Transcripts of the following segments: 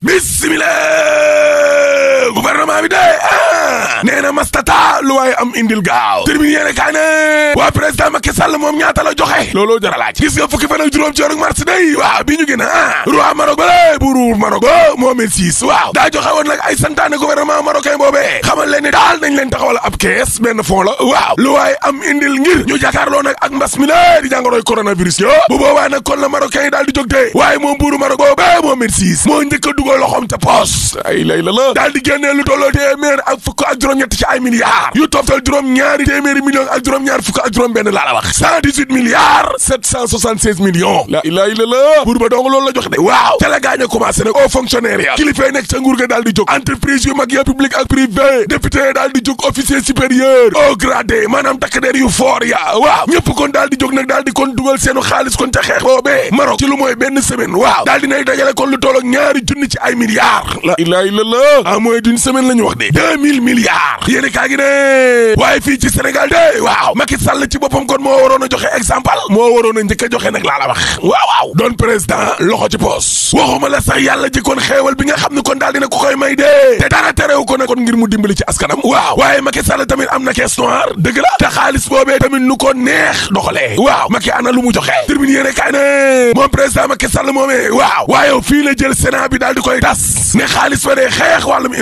bismillah gouvernement bi de ah! nee na mastata ah lu waaye am indil gaaw termine yéene kaa waa président Macky Sall moom ñaata la joxe looloo jar a laaj gis nga fukki fan ak juróom ci weeru mars day waaw bi ñu gën a ah, roi Maroc bale buuru Maroc ba oh, Mohamed VI waaw daa joxe woon nag ay santaane gouvernement marocain boobee xamal leen daal nañ leen taxawal ab kees benn fond la waaw lu waaye am indil ngir ñu jàkkaarloo nag ak mbas mi la di jàngoroy coronavirus yo bu boobaa nag kon la marocain yi daal di jóg tee waaye moom buuru Maroc boobee Mohamed a dugal di génnee lu milliards yu toftal juróom ñaari téeméeri millions ak juróom ñaar fukk ak juróom benn laa la wax 118 milliards 776 millions la ilaha illallah buur ba dong loolu la jox de waaw ca la gaañ a commencé nag au fonctionnaire ya kilifa nekk ca nguur ga daal di jóg entreprise yu mag ya public ak privé député ya daal di jóg officier supérieur au gradé maanaam takk der yu fort ya waaw ñëpp kon daal di jóg nag daal di kon dugal seenu xaalis kon ca xeex boobee Maroc ci lu mooy waaye fii ci Sénégal de waaw Macky Sall ci boppam kon moo waroon a joxe exemple moo waroon a njëkk a joxe nag laa la wax waaw waaw doon président loxo ci poos waxuma la sax yàlla jëkkoon xeewal bi nga xam ne kon daal dina ko koy may dee te dara terewu ko nag kon ngir mu dimbali ci askanam waaw waaye Macky Sall tamit am na caisse noire dëgg la te xaalis boobee tamit nu ko neex doxalee waaw Macky ana lu mu joxe tribune yéene kaay ne moom président Macky Sall moomee waaw la jël Sénat bi daal di koy tas ne xaalis ba dee xeex wàllum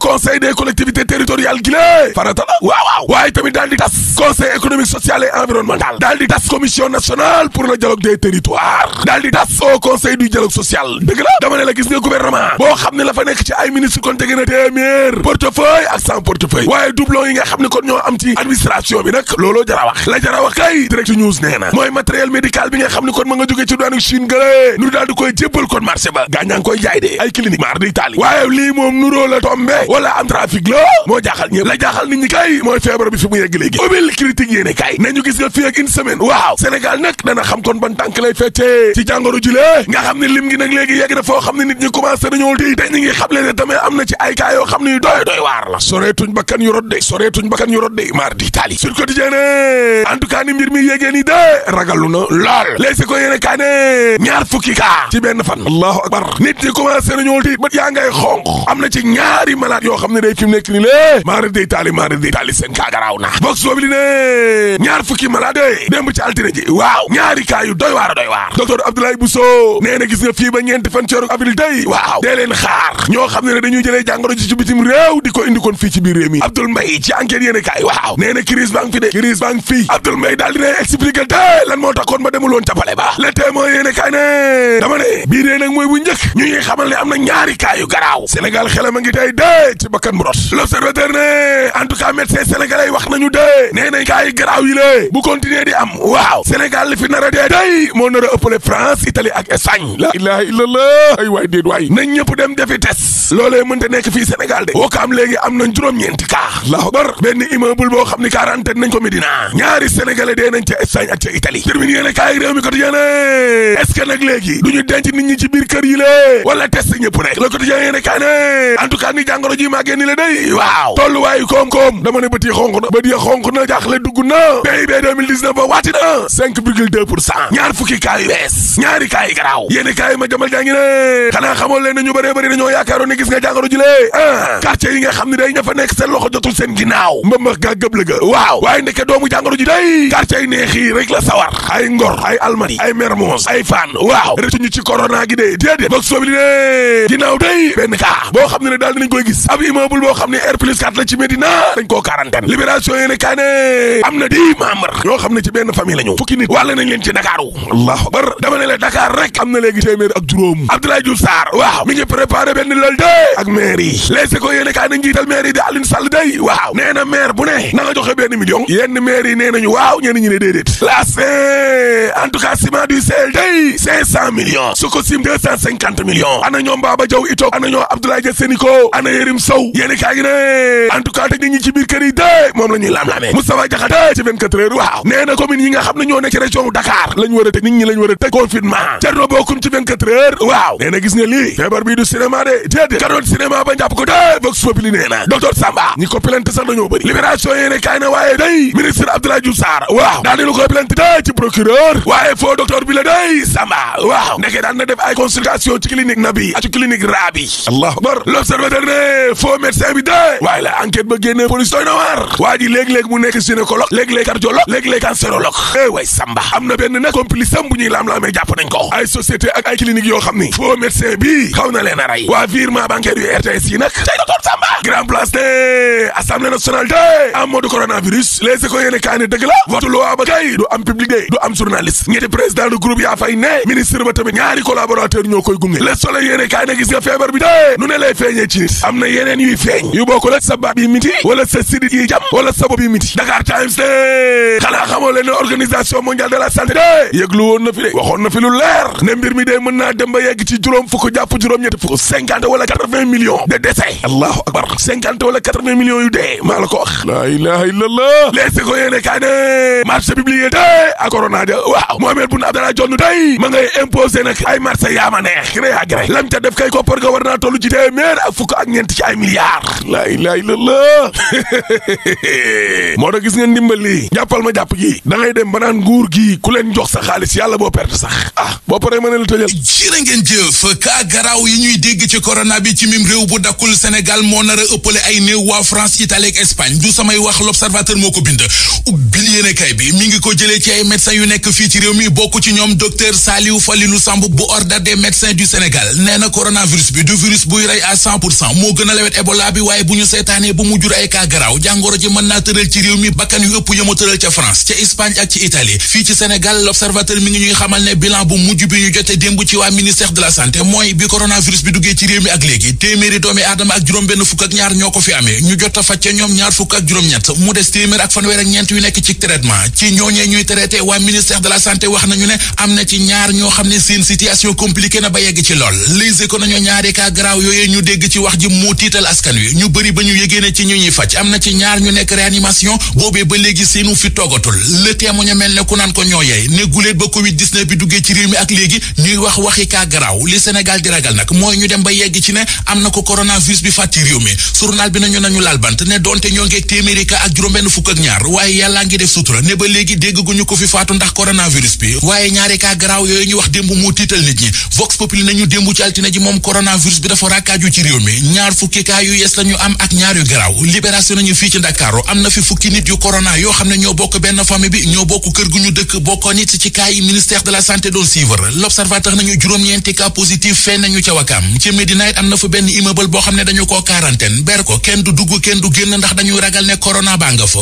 conseil des collectivités territoriales gi lée farata la waaw waaw waaye tamit daal di tas conseil économique social et environnemental daal di tas commission nationale pour le dialogue des territoires daal di tas au conseil du dialogue social dëgg dama ne la gis nga gouvernement boo xam ne la fa nekk ci ay ministre kon tege na téeméer portefeuille ak sans portefeuille waaye doublon yi nga xam ne kon ñoo am ci administration bi nag looloo jara wax la jara wax direct na mooy matériel médical bi nga xam ne kon ma wala am trafic la moo jaaxal ñëpp la ñi kay mooy feebar bi fi mu yegg léegi ubbil critique yéene kay nañu gis nga fii ak une waaw Sénégal nag dana xam kon ban tànk lay feccee ci jàngoro jile nga xam ne lim gi nag léegi yegg na foo xam ne nit ñi commencé nañoo di te ñu ngi xam le ne tamit am na ci ay cas xam ne doy doy waar la soreetuñ bakkan yu rot de soreetuñ bakkan yu rot de mardi tali sur quotidien en tout cas mbir mi yéegee ni de ragalu na lool les ko yéene kaa malade yoo xam ne day fi mu nekk ni lée maari day taali maari day taali a lan moo taxoon ba demul woon ca ba le témoin yéen kaay ne dama ne bii mooy bu njëkk ñu ngi xamal ne am na ñaari kaa garaaw Sénégal xelam a ngi tey dee ci bakkan bu rot l'observateur ne en tout cas médecin sénégalais wax nañu dee nee nañ kaa yi bu continuer di am waaw sénégal fi nar a dee moo nar a ëppale france italie ak espagne la ilaha illallah ay waay déet waay nañ ñëpp dem defi test loolee mënta nekk fii sénégal de woo am léegi am nañ juróom-ñeenti cas allahu akbar benn immeuble boo xam ni quarantaine nañ ko Medina ñaari sénégalais dee nañ ca espagne ak ca italie termine yéene kaa yi réew mi quotidien est ce que nag léegi du ñu ci biir kër yi lée wala test ñëpp rek le jamono ji màggee ni la koom-koom dama ne bët yi xonq na bët yi xonq na jaaxle dugg na PIB 2019 ba wàcc na 5 virgule 2 pour cent ñaar fukki kaay yu bees ñaari kaay yi garaaw yéeni kaay ma jamal jaa ne xanaa xamoon leen na ñu bëree bëri dañoo yaakaaroon ne gis nga jàngoro ji lee ah yi nga xam ne day ña fa nekk seen loxo jotul seen ginnaaw mbambax gaa gëb la ga waaw waaye ndeke doomu jàngoro ji day quartier yi neex yi rek la sawar ay ngor ay almadi ay mermoz ay fan waaw rëccuñu xam ne ne daal koy gis Thiès ab immeuble boo xam ne R plus 4 la ci Médina dañ koo quarantaine libération yéene kaa ne am na dix membres ñoo xam ne ci benn famille ñu fukki nit wàll nañ leen ci Dakar allahu akbar dama ne la Dakar rek am na léegi téeméer ak juróom Abdoulaye Diouf Sarr waaw mi ngi préparé benn lal de ak maire yi les écoles yéene njiital maire di Alioune Sall day waaw nee na maire bu ne na nga joxe benn million yenn maire yi nee nañu waaw ñenn ñi ne déedéet la Karim Sow yéeni kaay gi ne en tout cas ci biir kër moom la ñuy laam-laamee Moustapha Diakhaté ci 24 heures waaw nee na commune yi nga xam ne ñoo nekk ci région Dakar lañ war a tëj ñi lañ war a tëj confinement Thierno Bocoum ci 24 heures waaw nee gis nga lii feebar bii du cinéma de déedéet karoon cinéma ba njàpp ko de Vox Populi nee na docteur Samba ñi ko plainte sax dañoo bëri libération yéene kaay na waaye day ministre Abdoulaye Diouf waaw daal ne faux médecin bi de waaye la enquête ba génnee police doy na waar waa ji léeg-léeg mu nekk gynécologue léeg-léeg cardiologue léeg-léeg cancérologue eh way samba am na benn nag complice bu ñuy laam-laamee jàpp nañ ko ay société ak ay clinique yoo xam ni faux médecin bi xaw na leen a rey waa virement bancaire yu RTS yi nag tey docteur Samba grand place de assemblée nationale de am moo du coronavirus les ko yéene kaa ne la vote loi ba kay du am public de du am journaliste ñetti président de groupe yaa fay ministre ba tamit ñaari collaborateur ñoo koy gunge le soleil yéene kaa ne gis nga feebar bi de nu ne lay feeñee ci am na yeneen yuy feeñ yu bokk la sa baat yi miti wala sa sidit yi jam wala sa bopp yi Dakar Times de xanaa xamoo ne organisation mondiale de la santé de yëglu woon na fi de waxoon na fi lu leer de mën naa dem ba ci juróom fukk jàpp juróom-ñetti fukk cinquante wala quatre-vingts cinquante wala quatre-vingts millions yu dee maa la ko wax laa ilaha illallah leegsi ko yéene kaa ne marché public tey ak corona ja waaw Mohamed Boun Abdallah Dionne tey ma ngay imposé nag ay marché yaama neex gré à gré lam def kay koppar ga war naa toll ci téeméer ak fukk ak ñeent ci ay milliards laa ilaha illallah moo tax gis ngeen ndimbal lii jàppal ma jàpp gi da ngay dem ba naan nguur gi ku leen jox sa xaalis yàlla boo perte sax ah boo paree ma ne la yi ñuy dégg ci ci mim réew bu dakkul Sénégal nar a ëppale ay néew waa France Italie ak Espagne du samay wax l'observateur moo ko bind yéenekaay bi mi ngi ko jëlee ci ay médecins yu nekk fii ci réew mi bokk ci ñoom docteur Saliou Falilou Samb bu ordre des médecins du Sénégal nee na coronavirus bi du virus buy rey a 100 pour moo gën a lawet Ebola bi waaye bu ñu seetaanee bu mu jur ay cas garaaw jàngoro ji mën naa tëral ci réew mi bakkan yu ëpp yëma tëral ca France ca Espagne ak ci Italie fii ci Sénégal l'observateur mi ngi ñuy xamal ne bilan bu mujj bi ñu jote démb ci waa ministère de la santé mooy bi coronavirus bi duggee ci ak léegi téeméeri doomi aadama ak juróom benn fukk ak ñaar ñoo ko fi amee ñu jot a faj ca ñoom ñaar fukk ak nekk ci traitement ci ñooñee ñuy traité waa ministère de la santé wax nañu ne am na ci ñaar ñoo xam ne seen situation compliquée na ba yegg ci lool Les Échos ñu dégg ci wax ji moo tiital askan wi ñu bëri ba ñu yégée ne ci ñu ñuy faj am na ci ñaar ñu nekk réanimation boobee ba léegi seenu fi toogatul le téemo ñu mel ne ku naan ko ñoo yey ne guléet ba covid 19 bi duggee ci réew mi ak léegi ñuy wax waxi cas grave li Sénégal di ragal nag mooy ñu dem ba yegg ci ne am na ko coronavirus bi bi nañu nañu laal bant ne doonte ñoo ngeeg téeméeri cas ak juróom benn sutura ne ba léegi dégg gu ñu ko fi faatu ndax coronavirus bi waaye ñaari cas garaaw yooyu ñu wax démb moo tiital nit ñi vox populi nañu démb ci altine ji moom coronavirus bi dafa rakkaaju ci réew mi ñaar fukki cas yu yees la ñu am ak ñaar yu garaaw libération nañu fii ci Ndakaaru am na fi fukki nit yu corona yoo xam ne ñoo bokk benn famille bi ñoo bokk kër gu ñu dëkk bokkoo nit ci cas yi ministère de la santé doon suivre l'observateur nañu juróom-ñeenti na benn immeuble boo xam ne dañu koo quarantaine ber ko dugg kenn du génn ndax dañuy ragal ne corona baa nga fa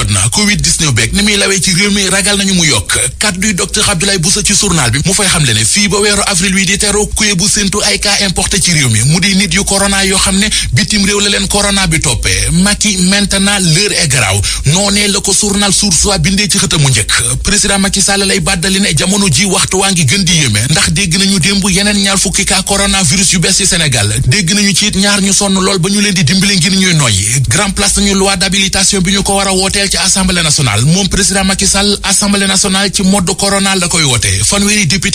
jot na covid 19 beeg ni muy lawee ci réew mi ragal nañu mu yokk kàdduy docteur Abdoulaye Boussa ci journal bi mu fay xam le ne fii ba weeru avril wi di teru kuye bu séntu ay cas importé ci réew mi mu di nit yu corona yoo xam ne bitim réew la leen corona bi toppee Macky maintenant l'heure est grave noonee la ko journal Source A bindee ci xët mu njëkk président Macky Sall lay bàddali ne jamono ji waxtu waa ngi gën di yéeme ndax dégg nañu démb yeneen a ci assemblée nationale moom président Macky Sall assemblée nationale ci mode corona ak bu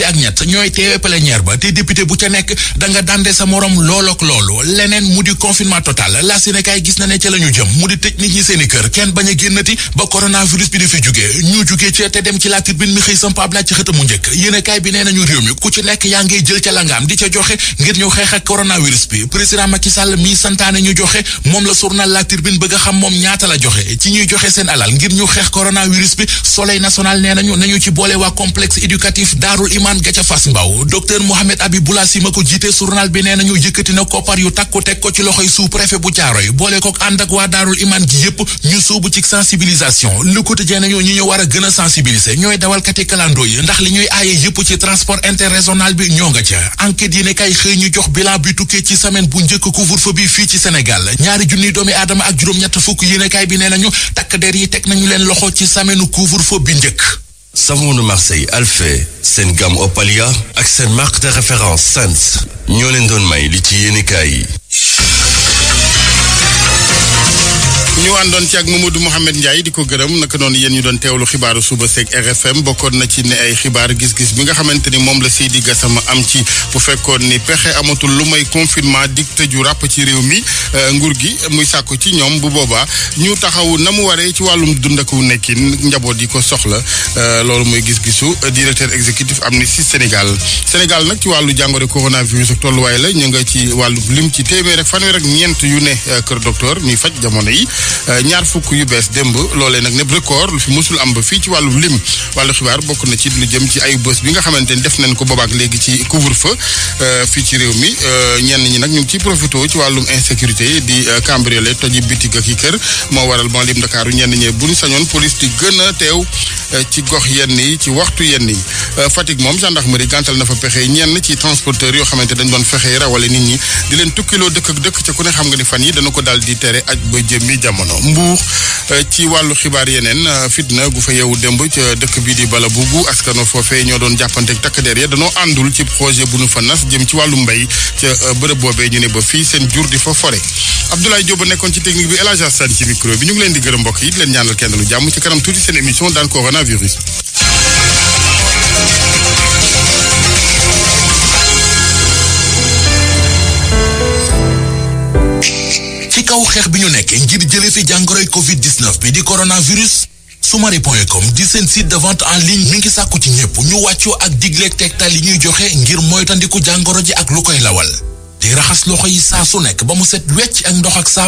ca nekk da nga dànde sa morom loolook loolu leneen mu di confinement total la Sénégal gis na ne ca la ñu jëm mu di tëj nit ñi i kër kenn bañ a génnati ba coronavirus bi di fi jugee ñu jugee ci te dem ci bi nee ak coronavirus bi mi santaane ñu joxe moom la journal la tribune bëgg a xam moom ñaata la joxe ci ñuy joxe seen seen alal ngir ñu xeex coronavirus bi soleil national nee nañu ci boole waa complexe éducatif daarul iman ga ca Fass Mbao docteur Mohamed Abi Boulassi ma ko jiite journal bi nee nañu yëkkati na koppar yu takku teg ko ci loxoy sous préfet bu Caaroy boole kook ànd ak waa daarul iman gi yëpp ñu sóobu ci sensibilisation Le Quotidien nañu ñu war a gën a ñooy dawalkati kalandoo yi ndax li ñuy aaye yëpp ci transport interrégional bi ñoo nga ca enquête der yi teg nañu leen loxo ci samenu couvre-feu bi njëkk savonu Marseille Alfé seen gamme opaliya ak seen marque de référence Sens ñoo leen doon may li ci yéenekaay yi ñu àndoon ci ak Mamadou Mouhamed Ndiaye di ko gërëm naka noonu yéen ñu doon teewlu xibaaru suba seeg RFM bokkoon na ci ne ay xibaar gis-gis bi nga xamante ni moom la Seydi Gassama am ci bu fekkoon ni pexe amatul lu may confinement dig tëju ràpp ci réew mi euh, nguur gi muy sàkku ci ñoom bu boobaa ñu taxaw na mu waree ci wàllum dund ak nekkin njaboot yi ko soxla euh, loolu mooy gis-gisu directeur exécutif Amnesty Sénégal Sénégal nag ci wàllu jàngoro coronavirus ak tolluwaay la ñu nga ci wàllu lim ci téeméer ak fanweer ak ñeent yu ne euh, kër docteur ñuy faj jamono yi Euh, ñaar fukk yu bees démb loolee nag nepp record lu fi mosul am ba fii ci wàllu lim wàllu xibaar bokk na ci lu jëm ci ay bés bi nga xamante ni def nañ ko boobaak léegi ci couvre fa euh, fii ci réew mi euh, ñenn ñi nag ñu ngi ciy profité ci wàllum insécurité yi di cambriolé toji bitig ak yi kër moo waral ban lim Dakar ñenn ñee buñ sañoon police di gën a teew ci gox yenn yi ci waxtu yenn yi Fatick moom gendarmerie gàntal na fa pexe ñenn ci transporteurs yoo xamante dañ doon fexe rawale nit ñi di leen tukkiloo dëkk ak dëkk ca ku ne xam nga ni fan yi dana ko daal di tere aj ba jëmmi jamono jamono mbuur eh, ci wàllu xibaar yeneen eh, fitna gu fa yeewu démb ca dëkk bi di bala bugu askano foofee ñoo doon jàppanteek takk der ya dañoo àndul ci projet bu nu fa nas jëm ci wàllu mbay ca eh, bërëb boobee ñu ne ba fii seen jur di fa fore Abdoulaye Diop ba nekkoon ci technique bi El Hadj Assane ci bi ñu ngi leen di gërëm mbokk yi leen ñaanal kenn lu jàmm ci kanam tuuti seen émission daan coronavirus ci kaw xeex bi ñu nekk ngir jële fi jàngoroy covid 19 bi di coronavirus sumari point di seen site de en ligne mi ngi sàkku ci ñëpp ñu wàccoo ak digleeg tegtal yi ñuy joxe ngir moytandiku jàngoro ji ak lu koy lawal di raxas loxo yi saa su nekk ba mu set wecc ak ndox ak saa